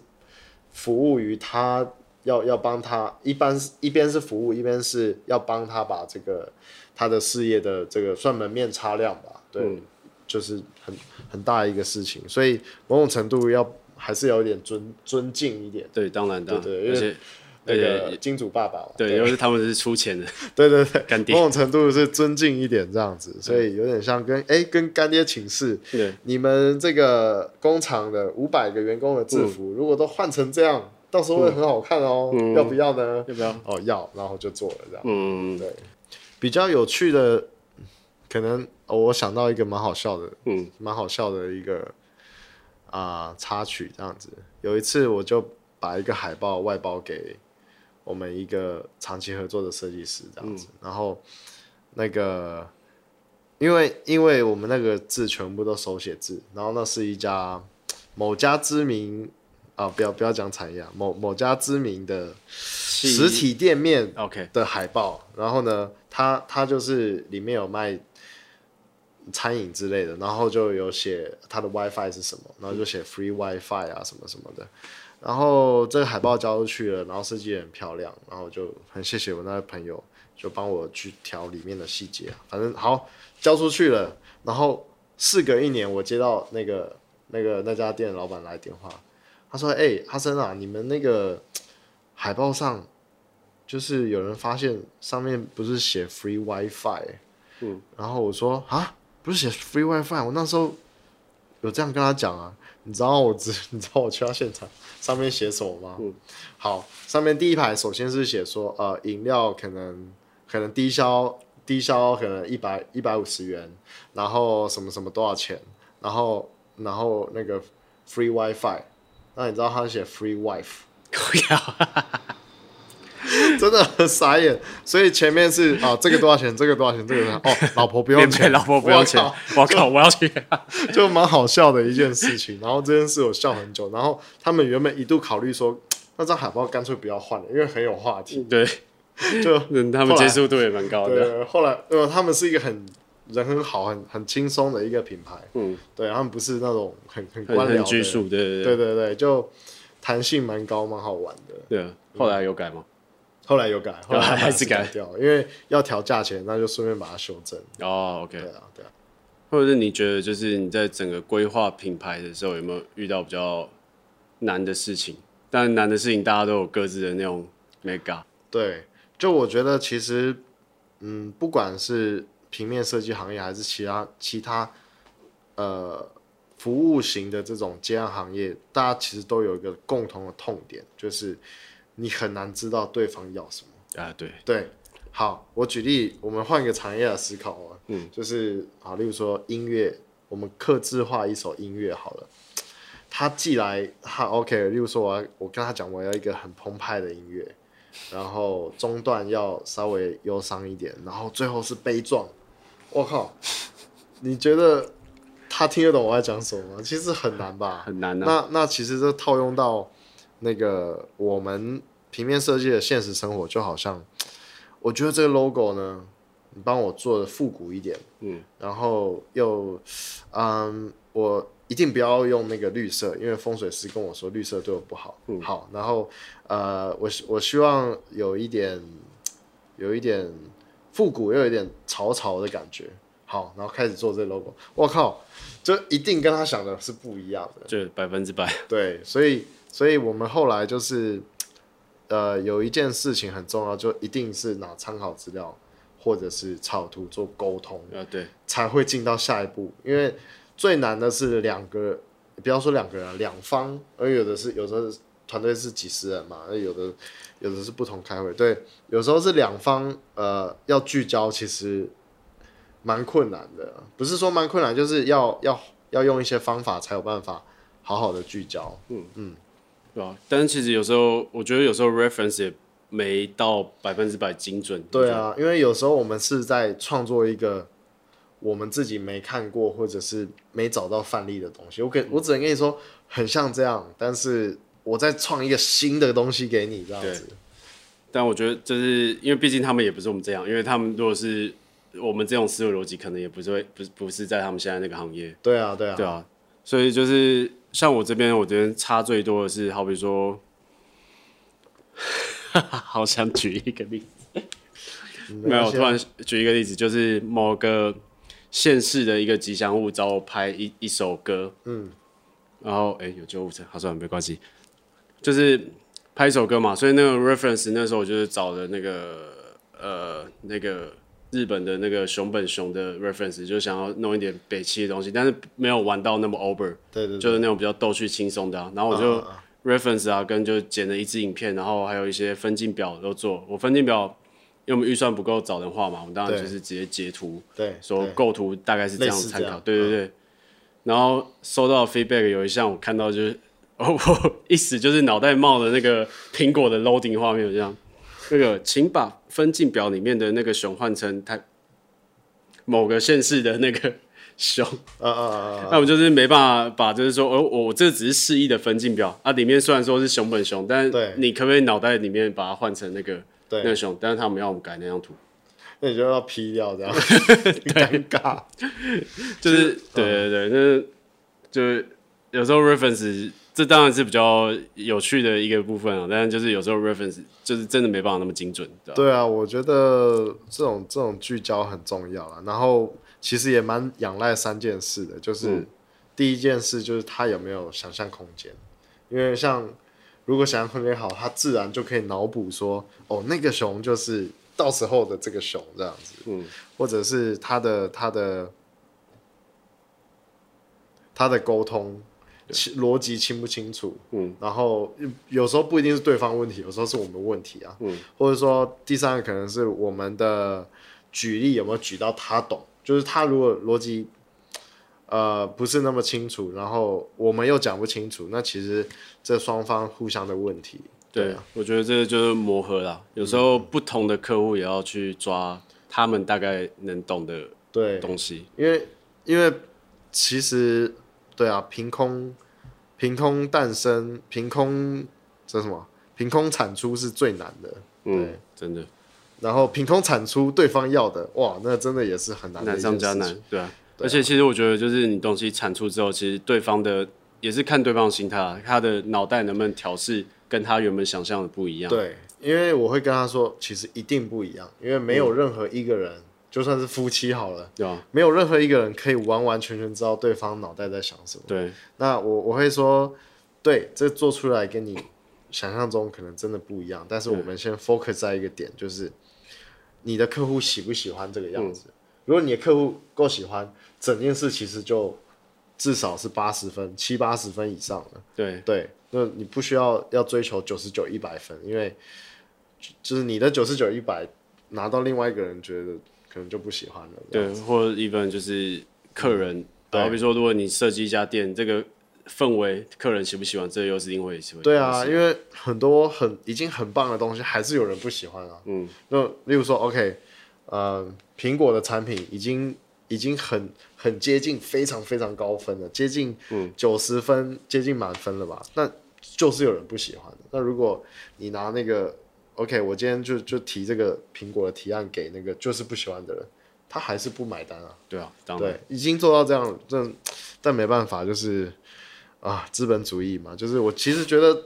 服務於他，要要幫他，一般是一邊是服務，一邊是要幫他把這個他的事業的這個算門面擦亮吧，對，嗯，就是很很大一個事情，所以某種程度要還是要有點尊尊敬一點，對，當然的，對，對，對，而且。那個金主爸爸對對，對，因為是他們是出錢的， (laughs) 對對對，乾爹某種程度是尊敬一點這樣子，嗯、所以有點像跟哎、欸、跟乾爹請示、嗯，你們這個工廠的五百個員工的制服，嗯、如果都換成這樣，到時候會很好看哦、喔嗯，要不要呢？要不要？哦要，然後就做了這樣。嗯，對，比較有趣的，可能、哦、我想到一個蠻好笑的，嗯，蠻好笑的一個啊、呃、插曲這樣子。有一次我就把一個海報外包給。我們一個長期合作的設計師這樣子，嗯、然後那個，因為因為我們那個字全部都手寫字，然後那是一家某家知名啊，不要不要講產業啊，某某家知名的實體店面 OK 的海報，然後呢，他他就是裡面有賣餐飲之類的，然後就有寫它的 WiFi 是什麼，然後就寫 Free WiFi 啊什麼什麼的。然後這個海報交出去了，然後設計也很漂亮，然後就很謝謝我那位朋友，就幫我去調裡面的細節，反正好交出去了。然後事隔一年，我接到那個那個那家店的老闆來電話，他說：“哎、欸，阿森啊，你們那個海報上，就是有人發現上面不是寫 free wifi？” 嗯，然後我說：“啊，不是寫 free wifi？” 我那時候有這樣跟他講啊。你知道我知，你知道我去到現場，上面寫什麼嗎？嗯，好，上面第一排首先是寫說，呃，飲料可能可能低消低消可能一百一百五十元，然後什麼什麼多少錢，然後然後那個 free wifi，那你知道他寫 free wife？不要。真的很傻眼，所以前面是啊，這個多少錢？這個多少錢？這個是哦、喔，老婆不要錢，老婆不要錢。我靠，我，靠我要去，就蠻好笑的一件事情。然後這件事我笑很久。然後他們原本一度考慮說，那張海報乾脆不要換了，因為很有話題。對，就他們接受度也蠻高的。對，後來呃，他們是一個很人很好、很很輕鬆的一個品牌。嗯，對他們不是那種很很官僚的、很很拘束的。對對對對，對、對就彈性蠻高、蠻好玩的。對後來有改嗎？後來有改，後來還是改掉，還是改，因為要調價錢，那就順便把它修正。哦、oh，OK。對啊，對對啊，或者是你覺得，就是你在整個規劃品牌的時候，有沒有遇到比較難的事情？當然難的事情，大家都有各自的那種美感。對，就我覺得其實，嗯，不管是平面設計行業，還是其他其他呃服務型的這種接案行業，大家其實都有一個共同的痛點，就是。你很難知道對方要什麼啊？對對，好，我舉例，我們換一個產業來思考啊，嗯，就是啊，例如說音樂，我們客製化一首音樂好了，他寄來，他 OK，例如說我要我跟他講我要一個很澎湃的音樂，然後中段要稍微憂傷一點，然後最後是悲壯，我靠，你覺得他聽得懂我在講什麼嗎？ (laughs) 其實很難吧？很難、啊。那那其實這套用到。那個我們平面設計的現實生活就好像，我覺得這個 logo 呢，你幫我做的復古一點，嗯，然後又，嗯，我一定不要用那個綠色，因為風水師跟我說綠色對我不好，嗯，好，然後呃，我我希望有一點，有一點復古又有一點潮潮的感覺，好，然後開始做這個 logo，我靠，就一定跟他想的是不一樣的，就百分之百，對，所以。所以我們後來就是，呃，有一件事情很重要，就一定是拿參考資料或者是草圖做溝通啊，對，才會進到下一步。因為最難的是兩個，不要說兩個人，兩方，而有的是有的時候團隊是幾十人嘛，而有的有的是不同開會，對，有時候是兩方呃要聚焦，其實蠻困難的，不是說蠻困難，就是要要要用一些方法才有辦法好好的聚焦，嗯嗯。對啊，但是其實有時候我覺得有時候 reference 也沒到百分之百精準。對啊，因為有時候我們是在創作一個我們自己沒看過或者是沒找到範例的東西。我給、嗯，我只能跟你說很像這樣，但是我在創一個新的東西給你這樣子。對，但我覺得就是因為畢竟他們也不是我們這樣，因為他們如果是我們這種思維邏輯，可能也不是會不是不是在他們現在那個行業。對啊，對啊，對啊，所以就是。像我這邊，我覺得差最多的是，好比說， (laughs) 好想舉一個例子， (laughs) 嗯、沒有，突然舉一個例子，就是某個縣市的一個吉祥物找我拍一一首歌，嗯，然後哎、欸，有救護車，好，算了，沒關係，就是拍一首歌嘛，所以那個 reference 那時候我就是找的那個呃那個，呃那個日本的那個熊本熊的 reference，就想要弄一點北七的東西，但是沒有玩到那麼 over，對對，對，就是那種比較逗趣輕鬆的、啊。然後我就 reference 啊，uh, uh. 跟就剪了一支影片，然後還有一些分鏡表都做。我分鏡表因為我們預算不夠，找人畫嘛，我們當然就是直接截圖，對，說構圖大概是這樣子參考，對對對，對，對，對、嗯。然後收到的 feedback 有一項我看到就是、哦，我意思就是腦袋冒的那個蘋果的 loading 畫面我這樣，那個請把。分鏡表裡面的那個熊換成它某個縣市的那個熊，那我們就是沒辦法把，就是說哦，我我這只是示意的分鏡表啊，裡面雖然說是熊本熊，但是你可不可以腦袋裡面把它換成那個那個熊？但是他們要我們改那張圖，那你就要 P 掉，這樣尷尬。 (laughs) (laughs) 就是對對對、就是，就是就是有時候 reference。這當然是比較有趣的一個部分啊，但就是有時候 reference 就是真的沒辦法那麼精準，對吧？對啊，我覺得這種這種聚焦很重要啊，然後其實也蠻仰賴三件事的，就是第一件事就是他有沒有想象空間，嗯，因為像如果想象空間好，他自然就可以腦補說，哦，那個熊就是到時候的這個熊這樣子，嗯，或者是他的他的他的溝通。邏輯清不清楚？嗯，然後有時候不一定是對方問題，有時候是我們問題啊。嗯，或者說第三個可能是我們的舉例有沒有舉到他懂，就是他如果邏輯呃不是那麼清楚，然後我們又講不清楚，那其實這雙方互相的問題。對，對啊，我覺得這就是磨合了。有時候不同的客戶也要去抓他們大概能懂的對東西，因為因為其實對啊，憑空。憑空誕生，憑空這什麼？憑空產出是最難的，嗯，真的。然後憑空產出對方要的，哇，那真的也是很難的，難上加難，對啊，對。而且其實我覺得就，啊，覺得就是你東西產出之後，其實對方的也是看對方的心態，他的腦袋能不能調試，跟他原本想象的不一樣。對，因為我會跟他說，其實一定不一樣，因為沒有任何一個人、嗯。就算是夫妻好了、啊，沒有任何一個人可以完完全全知道對方腦袋在想什麼？對。那我我會說，對，這做出來跟你想象中可能真的不一樣。但是我們先 focus 在一個點，嗯、就是你的客戶喜不喜歡這個樣子，嗯？如果你的客戶夠喜歡，整件事其實就至少是八十分、七八十分以上了。對對，那你不需要要追求九十九一百分，因為就、就是你的九十九一百拿到另外一個人覺得。可能就不喜歡了，對，或者一般就是客人，好，比如說，如果你設計一家店，這個氛圍，客人喜不喜歡，這又是因為什麼？對啊，因為很多很已經很棒的東西，還是有人不喜歡啊。嗯，那例如說，OK，嗯、呃，蘋果的產品已經已經很很接近，非常非常高分了，接近嗯九十分，接近滿分了吧？那就是有人不喜歡的。那如果你拿那個。OK，我今天就就提這個蘋果的提案給那個，就是不喜歡的人，他還是不買單啊。對啊，當然對，已經做到這樣了，但但沒辦法，就是啊，資本主義嘛。就是我其實覺得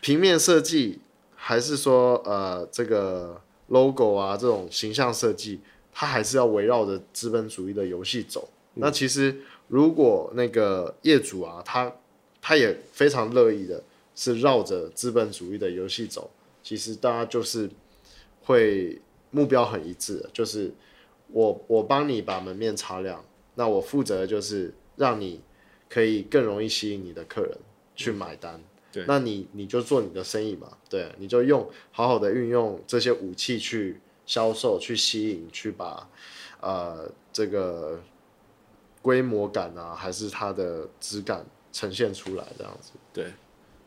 平面設計還是說 (laughs) 呃這個 logo 啊這種形象設計，它還是要圍繞着資本主義的遊戲走。嗯。那其實如果那個業主啊，他他也非常樂意的是繞着資本主義的遊戲走。其實大家就是會目標很一致，就是我我幫你把門面擦亮，那我負責的就是讓你可以更容易吸引你的客人去買單。嗯、對，那你你就做你的生意嘛，對，你就用好好的運用這些武器去銷售、去吸引、去把呃這個規模感啊，還是它的質感呈現出來，這樣子。對。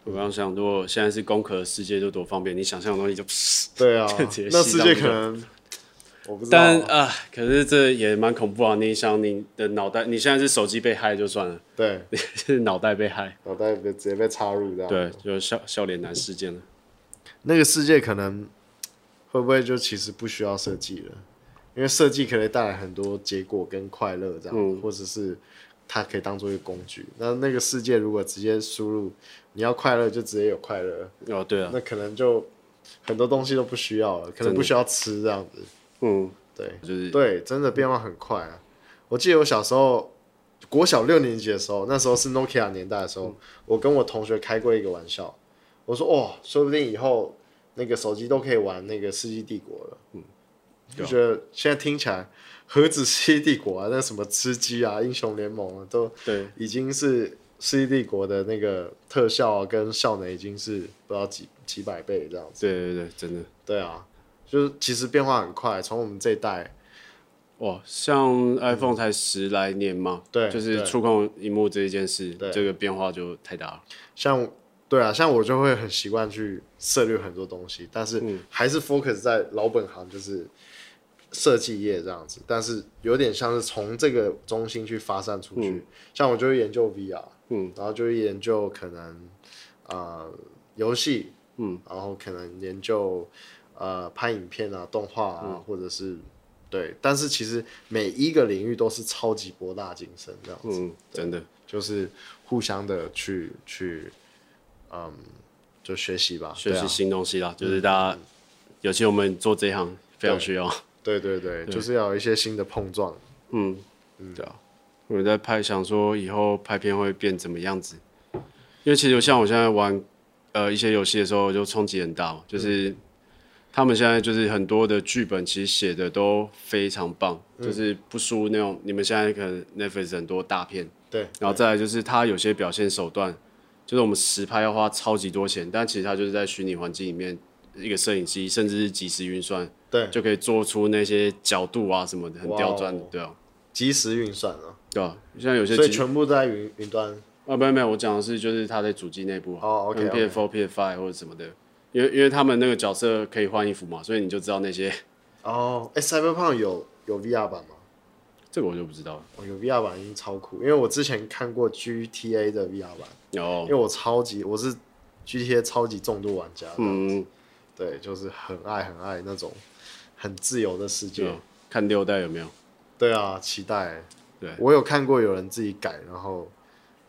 我剛想，如果現在是攻殼世界，就多方便，你想象的東西就。對啊。 (laughs) 那世界可能， (laughs) 我不知道。但啊，可是這也蠻恐怖啊！你想，你的腦袋，你現在是手機被駭就算了，對，你是 (laughs) 腦袋被駭，腦袋被直接被插入這樣。對，就笑笑臉男事件了。那個世界可能會不會就其實不需要設計了，嗯？因為設計可以帶來很多結果跟快樂，這樣、嗯，或者是。它可以當作一個工具，那那個世界如果直接輸入你要快樂就直接有快樂哦，對啊，那可能就很多東西都不需要了，可能不需要吃這樣子，嗯，對，就是對，真的變化很快啊！我記得我小時候國小六年級的時候，那時候是 Nokia 年代的時候，嗯、我跟我同學開過一個玩笑，我說哦，說不定以後那個手機都可以玩那個《世紀帝國》了，嗯。就覺得現在聽起來，何止世紀帝國啊？那什麼吃雞啊、英雄聯盟啊，都對，已經是世紀帝國的那個特效啊跟效能已經是不知道幾幾百倍這樣子。對對對，真的。對啊，就是其實變化很快。從我們這一代，哇，像 iPhone 才十來年嘛，嗯、對，就是觸控螢幕這一件事，對，這個變化就太大了。像，對啊，像我就會很習慣去涉獵很多東西，但是還是 focus 在老本行，就是。設計業這樣子，但是有點像是從這個中心去發散出去、嗯。像我就研究 VR，嗯，然後就研究可能呃遊戲、嗯，然後可能研究呃拍影片啊、動畫啊，嗯、或者是對。但是其實每一個領域都是超級博大精深這樣子，嗯、真的就是互相的去去，嗯，就學習吧，學習新東西啦。啊嗯、就是大家尤、嗯、其我們做這一行、嗯、非常需要。對對對，對，就是要有一些新的碰撞。嗯，嗯對啊，我在拍，想說以後拍片會變怎麼樣子？因為其實像我現在玩，呃，一些遊戲的時候就衝擊很大，就是、嗯、他們現在就是很多的劇本其實寫的都非常棒，嗯、就是不輸那種你們現在可能 Netflix 很多大片。對，然後再來就是他有些表現手段，就是我們實拍要花超級多錢，但其實他就是在虛擬環境裡面。一個攝影機，甚至是即時運算，對，就可以做出那些角度啊什麼的很刁鑽的，wow, 對啊，即時運算啊，對啊，像有些所以全部都在雲雲端啊，沒有沒有，我講的是就是它在主機內部，哦、oh,，OK，P4、okay,、P5 或者什麼的，okay. 因為因為他們那個角色可以換衣服嘛，所以你就知道那些哦，哎，Cyberpunk 有有 VR 版嗎？這個我就不知道了。哦、oh,，有 VR 版已經超酷，因為我之前看過 GTA 的 VR 版，有、oh.，因為我超級我是 GTA 超級重度玩家，嗯。對，就是很愛很愛那種很自由的世界。看六代有沒有？對啊，期待。對，我有看過有人自己改，然後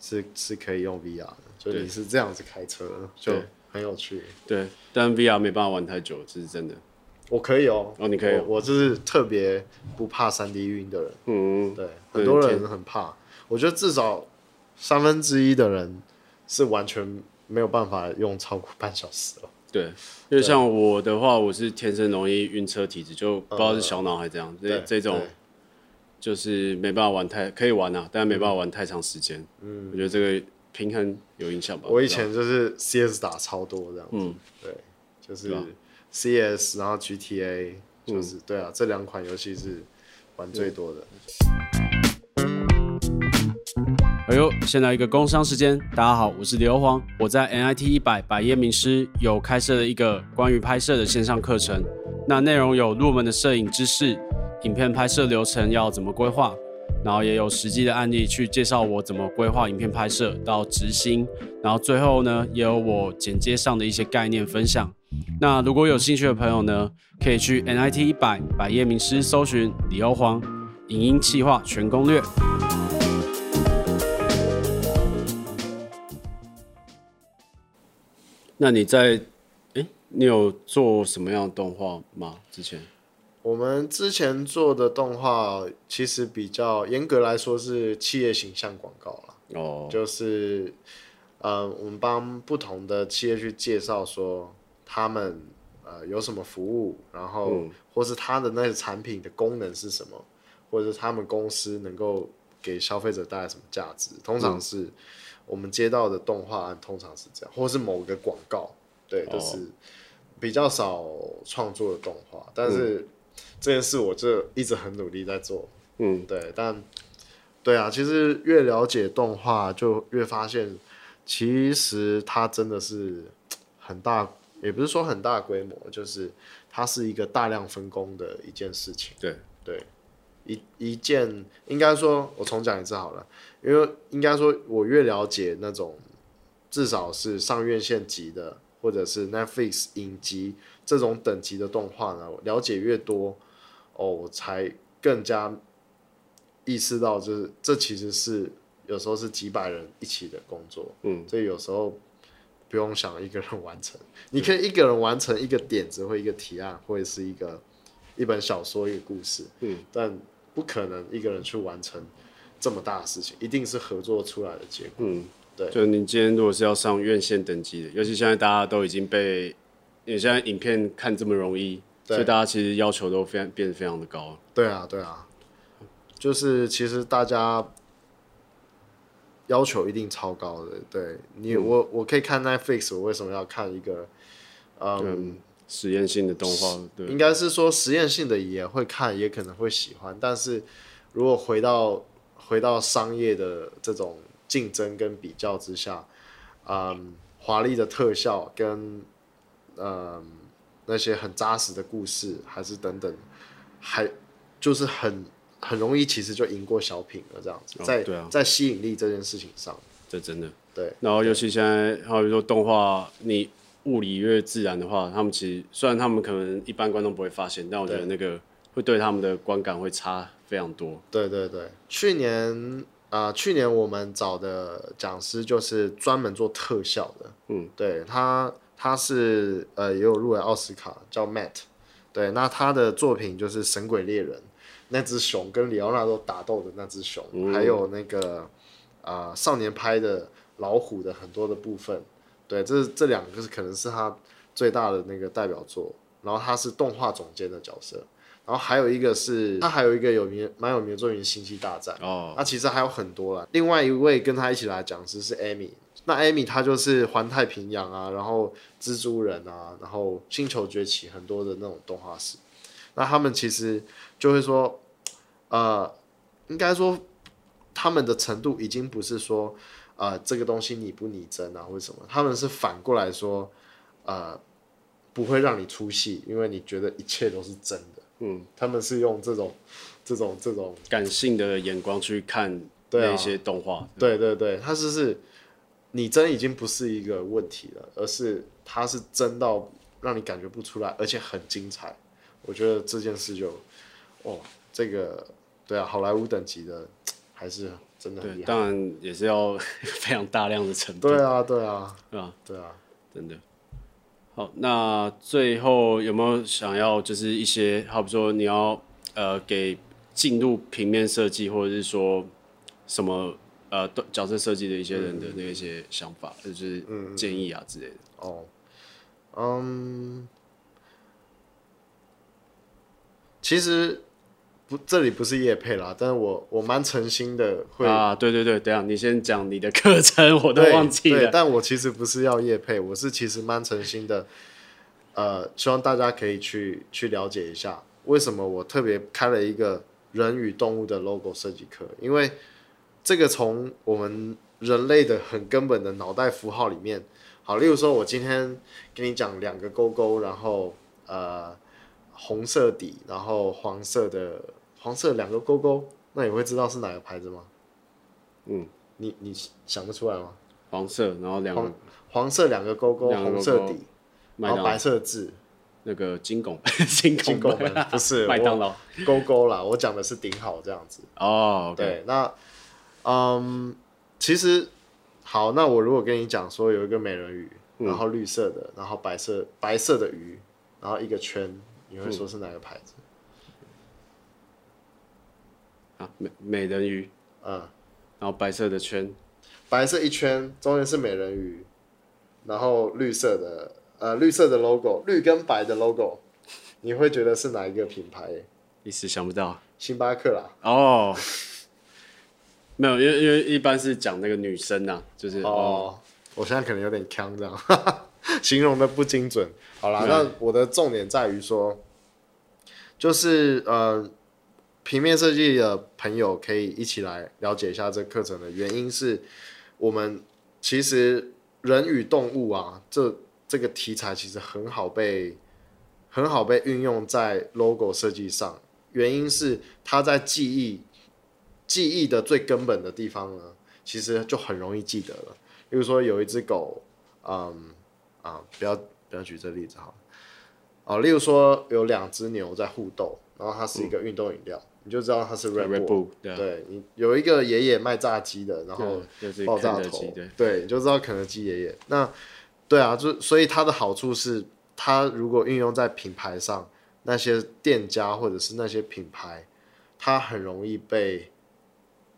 是是可以用 VR 的，所以你是這樣子開車，就很有趣對。對，但 VR 沒辦法玩太久，這是真的。我可以哦，嗯、哦，你可以、哦我。我就是特別不怕三 D 暈的人。嗯，對，很多人很怕。嗯、我覺得至少三分之一的人是完全沒有辦法用超過半小時了。對，因為像我的話，我是天生容易暈車體質，就不知道是小腦還是這樣，呃、這這種就是沒辦法玩太，可以玩啊，但沒辦法玩太長時間。嗯，我覺得這個平衡有影響吧。我以前就是 C S 打超多這樣子，嗯、對，就是 C S，然後 G T A，就是、嗯、對啊，這兩款遊戲是玩最多的。哎、呦，先來一個工商時間，大家好，我是里歐黃，我在 MIT100 百業名師有開設了一個關於拍攝的線上課程，那內容有入門的攝影知識，影片拍攝流程要怎麼規劃，然後也有實際的案例去介紹我怎麼規劃影片拍攝到執行，然後最後呢也有我剪接上的一些概念分享。那如果有興趣的朋友呢，可以去 MIT100 百業名師搜尋里歐黃，影音企劃全攻略。那你在，誒、欸，你有做什麼樣的動畫嗎？之前，我們之前做的動畫其實比較嚴格來說是企業形象廣告啦。哦，就是，呃、我們幫不同的企業去介紹說他們呃有什麼服務，然後、嗯、或是他的那些產品的功能是什麼，或者他們公司能夠給消費者帶來什麼價值，通常是。嗯我們接到的動畫通常是這樣，或是某個廣告，對、哦，就是比較少創作的動畫。但是這件事，我就一直很努力在做，嗯，對。但對啊，其實越了解動畫，就越發現，其實它真的是很大，也不是說很大規模，就是它是一個大量分工的一件事情。對、嗯、對，一一件，應該說，我重講一次好了。因為應該說，我越了解那種至少是上院線級的，或者是 Netflix 影集這種等級的動畫呢，我了解越多，哦，我才更加意識到，就是這其實是有時候是幾百人一起的工作，嗯，所以有時候不用想一個人完成，嗯，你可以一個人完成一個點子或一個提案，或者是一個一本小說一個故事，嗯，但不可能一個人去完成。這麼大的事情，一定是合作出來的結果。嗯，對。就是您今天如果是要上院線等級的，尤其現在大家都已經被，你現在影片看這麼容易，嗯，所以大家其實要求都非常變得非常的高，啊。對啊，對啊。就是其實大家要求一定超高的。對你，嗯、我我可以看 Netflix，我為什麼要看一個嗯，嗯實驗性的動畫？對，應該是說，實驗性的也會看，也可能會喜歡。但是如果回到回到商業的這種競爭跟比較之下，嗯、華麗的特效跟、嗯、那些很扎實的故事，還是等等，還就是很很容易，其實就贏過小品了這樣子，在、哦對啊、在吸引力這件事情上，這真的對，對。然後尤其現在，好比如說動畫，你物理越，越自然的話，他們其實雖然他們可能一般觀眾不會發現，但我覺得那個對會對他們的觀感會差。非常多。對對對，去年啊、呃，去年我們找的講師就是專門做特效的。嗯，對，他他是呃，也有入圍奧斯卡，叫 Matt。對，那他的作品就是《神鬼獵人》那只熊跟李奧納多打鬥的那只熊，嗯、還有那個啊、呃、少年拍的老虎的很多的部分。對，這這兩個是可能是他最大的那個代表作。然後他是動畫總監的角色。然後還有一個是，他還有一個有名、蠻有名的作品《星際大戰》哦。那其實還有很多了。另外一位跟他一起來講師是 Amy，那 Amy 他就是《環太平洋》啊，然後《蜘蛛人》啊，然後《星球崛起》很多的那種動畫師。那他們其實就會說，呃，應該說他們的程度已經不是說，呃，這個東西擬不擬真啊，為什麼，他們是反過來說，呃，不會讓你出戲，因為你覺得一切都是真的。嗯，他們是用這種、這種、這種感性的眼光去看那些動畫。對、啊、對，對，對對，他是是，你真已經不是一個問題了，而是他是真到讓你感覺不出來，而且很精彩。我覺得這件事就，哦，這個對啊，好萊塢等級的還是真的很厲害。當然也是要非常大量的成本。 (laughs) 對啊，對啊，對啊，對啊，真的。好，那最後有沒有想要，就是一些，好比說你要呃，給進入平面設計或者是說什麼呃，角色設計的一些人的那一些想法，嗯、就是建議啊之類的。嗯、哦，嗯，其實。這裡不是業配啦，但是我我蠻誠心的會啊，對對對，等下你先講你的課程，我都忘記了。對，對但我其實不是要業配，我是其實蠻誠心的，呃，希望大家可以去去了解一下，為什麼我特別開了一個人與動物的 logo 設計課，因為這個從我們人類的很根本的腦袋符號裡面，好，例如說我今天給你講兩個勾勾，然後呃紅色底，然後黃色的。黃色兩個勾勾，那你會知道是哪個牌子嗎？嗯，你你想得出來嗎？黃色，然後兩黃黃色兩個勾勾，兩個勾，紅色底，然後白色字，那個金拱金拱門，金拱門，金拱門、啊、不是麥當勞，勾勾啦，我講的是頂好這樣子哦、okay。對，那嗯，其實好，那我如果跟你講說有一個美人魚、嗯，然後綠色的，然後白色白色的魚，然後一個圈，你會說是哪個牌子？嗯啊、美,美人魚、嗯，然後白色的圈，白色一圈，中間是美人魚，然後綠色的，呃，綠色的 logo，綠跟白的 logo，你會覺得是哪一個品牌？一 (laughs) 時想不到，星巴克啦。哦， (laughs) 沒有，因為因為一般是講那個女生啊，就是哦、嗯，我現在可能有點嗆，這樣， (laughs) 形容的不精準。好啦、嗯，那我的重點在於說，就是呃。平面設計的朋友可以一起來了解一下這課程的原因是，我們其實人與動物啊，這這個題材其實很好被很好被運用在 logo 設計上，原因是它在記憶記憶的最根本的地方呢，其實就很容易記得了。例如說有一隻狗，嗯啊，不要不要舉這例子好，啊，例如說有兩隻牛在互動，然後它是一個運動飲料。嗯你就知道他是 Red Bull，對，你有一個爺爺賣炸雞的，然後爆炸頭，對，你、就是、就知道肯德基爺爺。那對啊，就所以它的好處是，它如果運用在品牌上，那些店家或者是那些品牌，它很容易被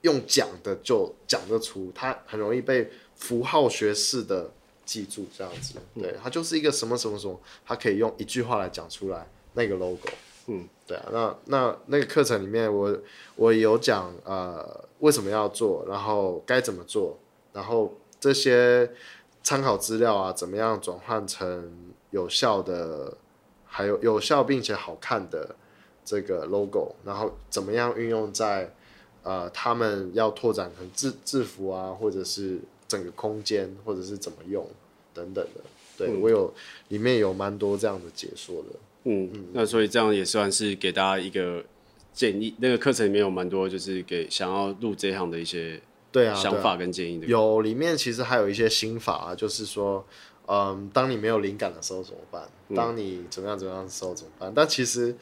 用講的就講得出，它很容易被符號學式的記住，這樣子、嗯。對，它就是一個什麼什麼什麼，它可以用一句話來講出來那個 logo。嗯。那那那個課程裡面我，我我有講呃為什麼要做，然後該怎麼做，然後這些參考資料啊，怎麼樣轉換成有效的，還有有效並且好看的這個 logo，然後怎麼樣運用在呃他們要拓展成制制服啊，或者是整個空間，或者是怎麼用等等的，對、嗯、我有裡面有蠻多這樣的解說的。嗯，嗯，那所以這樣也算是給大家一個建議。那個課程裡面有蠻多，就是給想要錄這樣的一些對啊，想法跟建議的。有，裡面其實還有一些心法啊，就是說，嗯，當你沒有靈感的時候怎麼辦？當你怎麼樣怎麼樣的時候怎麼辦？嗯，但其實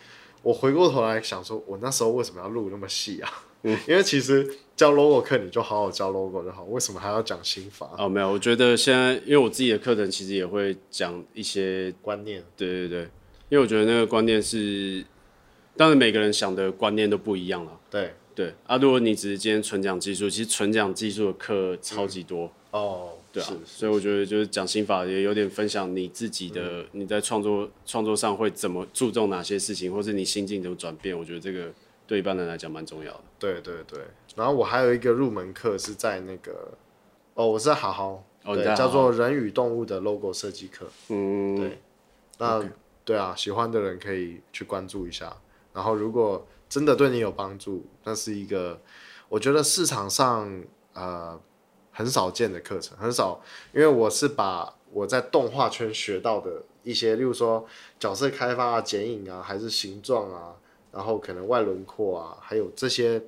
我回過頭來想說，我那時候為什麼要錄那麼細啊？嗯，因為其實教 logo 課，你就好好教 logo 就好，為什麼還要講心法啊？哦，沒有，我覺得現在因為我自己的課程其實也會講一些觀念。對對對。因為我覺得那個觀念是，當然每個人想的觀念都不一樣了。對對啊，如果你只是今天純講技術，其實純講技術的課超級多、嗯、哦。對啊是是是是，所以我覺得就是講心法也有點分享你自己的，嗯、你在創作創作上會怎麼注重哪些事情，或是你心境怎麼轉變。我覺得這個對一般人來講蠻重要的。對對對，然後我還有一個入門課是在那個哦，我是哦在好好對，叫做人與動物的 logo 設計課。嗯，對，那。Okay. 對啊，喜歡的人可以去關注一下。然後，如果真的對你有幫助，那是一個我覺得市場上呃很少見的課程，很少。因為我是把我在動畫圈學到的一些，例如說角色開發啊、剪影啊，還是形狀啊，然後可能外輪廓啊，還有這些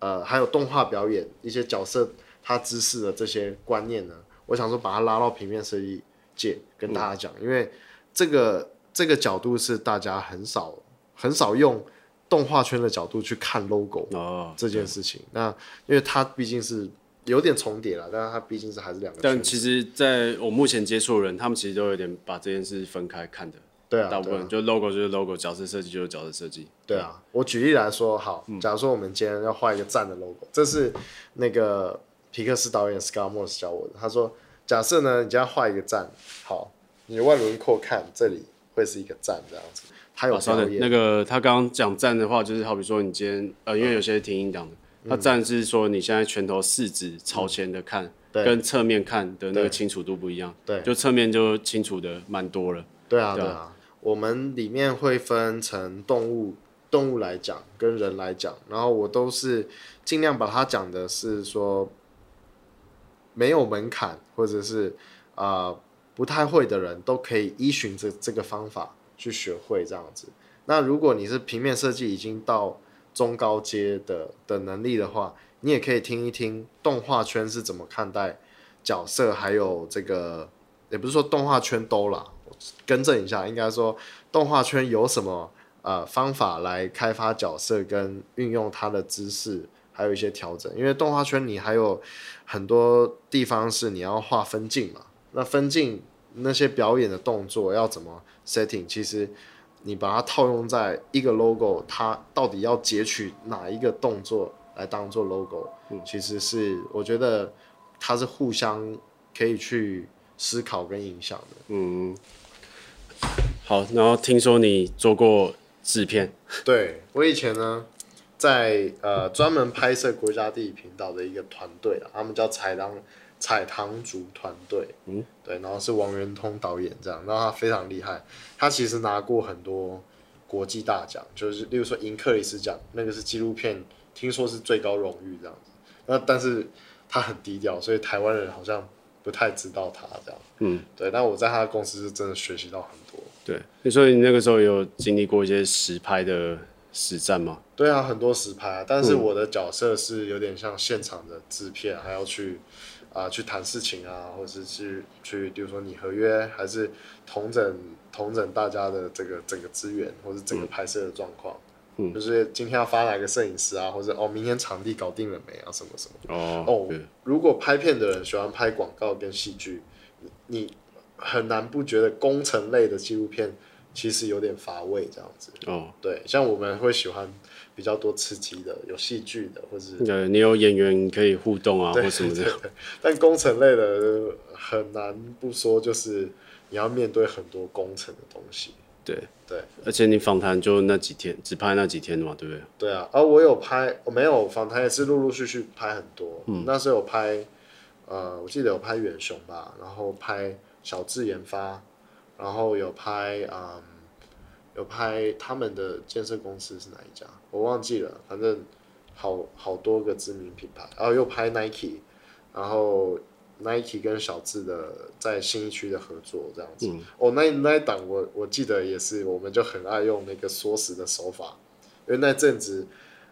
呃，還有動畫表演一些角色他姿勢的這些觀念呢、啊，我想說把它拉到平面設計界跟大家講、嗯，因為這個。這個角度是大家很少很少用動畫圈的角度去看 logo、哦、這件事情。那因為它畢竟是有點重疊了，但是它畢竟是還是兩個。但其實，在我目前接觸的人，他們其實都有點把這件事分開看的。對啊，大部分、啊、就 logo 就是 logo，角色設計就是角色設計。對啊、嗯，我舉例來說，好，假如說我們今天要畫一個站的 logo，、嗯、這是那個皮克斯導演 Scott Morse 教我的。他說，假設呢，你就要畫一個站，好，你外輪廓看這裡。會是一個站這樣子，還有、啊、那個他剛剛講站的話，就是好比說你今天、嗯、呃，因為有些聽音檔的，嗯、他站是說你現在拳頭四指朝前的看，嗯、跟側面看的那個清楚度不一樣，對，對就側面就清楚的蠻多了。對啊對，對啊，我們裡面會分成動物，動物來講跟人來講，然後我都是儘量把它講的是說沒有門檻，或者是啊。呃不太會的人都可以依循著這個方法去學會這樣子。那如果你是平面設計已經到中高階的的能力的話，你也可以聽一聽動畫圈是怎麼看待角色，還有這個也不是說動畫圈都啦，更正一下，應該說動畫圈有什麼呃方法來開發角色跟運用它的知識，還有一些調整。因為動畫圈你還有很多地方是你要畫分鏡嘛。那分鏡那些表演的動作要怎麼 setting？其實你把它套用在一個 logo，它到底要截取哪一個動作來當做 logo？嗯，其實是我覺得它是互相可以去思考跟影響的。嗯，好，然後聽說你做過製片，對。我以前呢在呃專門拍攝國家地理頻道的一個團隊，他們叫彩當。彩堂組團隊，嗯，對，然後是王元通導演這樣，那他非常厲害，他其實拿過很多國際大獎，就是例如說銀克里斯獎，那個是紀錄片，聽說是最高榮譽這樣子。那但是他很低調，所以台灣人好像不太知道他這樣。嗯，對。但我在他的公司是真的學習到很多。對，所以你那個時候有經歷過一些實拍的實戰嗎？對啊，很多實拍啊，但是我的角色是有點像現場的製片啊，還要去。啊，去談事情啊，或者是去去，比如說你合約還是統整，統整大家的這個整個資源，或是整個拍攝的狀況。嗯，就是今天要發哪個攝影師啊，或者哦，明天場地搞定了沒啊，什麼什麼哦，哦。哦，如果拍片的人喜歡拍廣告跟戲劇，你很難不覺得工程類的紀錄片其實有點乏味，這樣子哦。對，像我們會喜歡。比較多刺激的，有戲劇的，或者是呃，你有演員可以互動啊，或什麼這樣。但工程類的很難不說，就是你要面對很多工程的東西。對對，而且你訪談就那幾天，只拍那幾天嘛，對不對？對啊，而、啊、我有拍，我、哦、沒有訪談也是陸陸續續拍很多。嗯，那時候有拍呃，我記得有拍遠雄吧，然後拍小智研發，然後有拍嗯。有拍他們的建設公司是哪一家？我忘記了，反正好好多個知名品牌。然後、哦、又拍 Nike，然後 Nike 跟小智的在新一區的合作這樣子。哦、嗯 oh,，那那一檔我我記得也是，我們就很愛用那個縮時的手法，因為那陣子。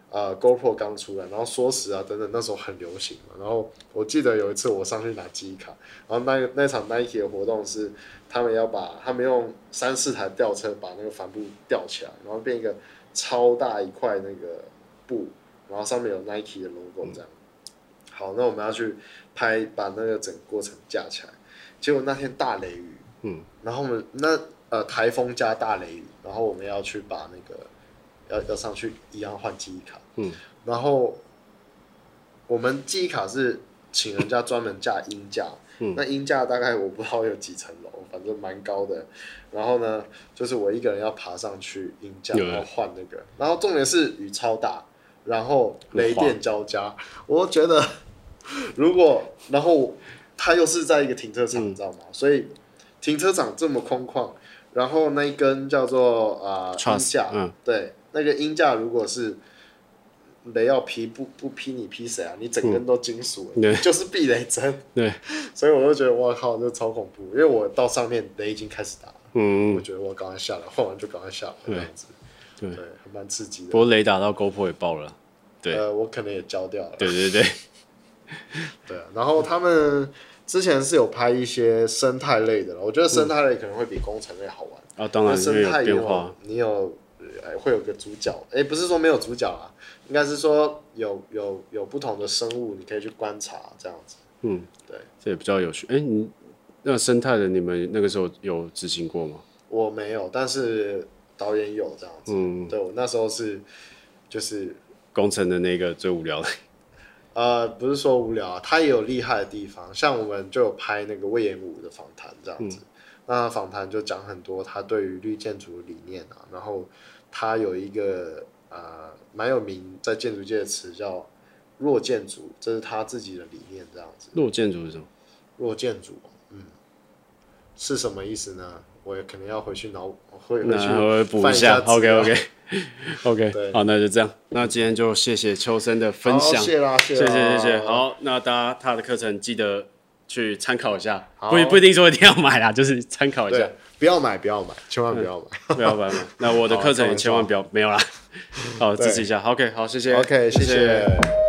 啊、呃、GoPro 剛出來，然後縮時啊等等，那時候很流行嘛。然後我記得有一次我上去拿記憶卡，然後那那場 Nike 的活動是他們要把他們用三四台吊車把那個帆布吊起來，然後變一個超大一塊那個布，然後上面有 Nike 的 logo 這樣。嗯、好，那我們要去拍，把那個整個過程架起來。結果那天大雷雨，嗯，然後我們那呃颱風加大雷雨，然後我們要去把那個。要要上去一樣換記憶卡，嗯，然後我們記憶卡是請人家專門架鷹架，嗯，那鷹架大概我不知道有幾層樓，反正蠻高的。然後呢，就是我一個人要爬上去鷹架，然後換那個。然後重點是雨超大，然後雷電交加。我覺得如果然後他又是在一個停車場，嗯，你知道嗎？所以停車場這麼空曠，然後那一根叫做呃鷹架，Charles，嗯，對。那個鷹架如果是雷要劈，不不劈你劈誰啊？你整根都金屬了，嗯，就是避雷針。對， (laughs) 所以我就覺得我靠，這超恐怖。因為我到上面雷已經開始打，嗯，我覺得我剛剛下來換完就趕快下來，這樣子，對，對對對，蠻刺激的。不過雷打到 GoPro 也爆了，對，呃、我可能也焦掉了。對對，對，對， (laughs) 對，然後他們之前是有拍一些生態類的，我覺得生態類可能會比工程類好玩。嗯、啊，當然生態有啊，你有。欸、會有個主角，哎、欸，不是說沒有主角啊，應該是說有有有不同的生物，你可以去觀察這樣子。嗯，對，這也比較有趣。哎、欸，你那生態的，你們那個時候有執行過嗎？我沒有，但是導演有這樣子。嗯，對，我那時候是就是工程的那個最無聊的。呃，不是說無聊啊，他也有厲害的地方。像我們就有拍那個魏延武的訪談這樣子，嗯、那訪談就講很多他對於綠建築的理念啊，然後。他有一個呃蠻有名在建築界的詞叫“弱建築”，這是他自己的理念這樣子。弱建築是什麼？弱建築，嗯，是什麼意思呢？我可能要回去腦，會回去一會補一下。一下啊，OK OK OK，好，那就這樣。那今天就謝謝秋生的分享，謝啦謝啦謝謝謝謝謝謝。好，那大家他的課程記得去參考一下，不不一定說一定要買啦，就是參考一下。不要買，不要買，千萬不要買，嗯、不要買，買 (laughs) 那我的課程也千萬不要 (laughs) 沒有啦， (laughs) 好，支持一下。OK，好，謝謝。OK，謝謝。謝謝。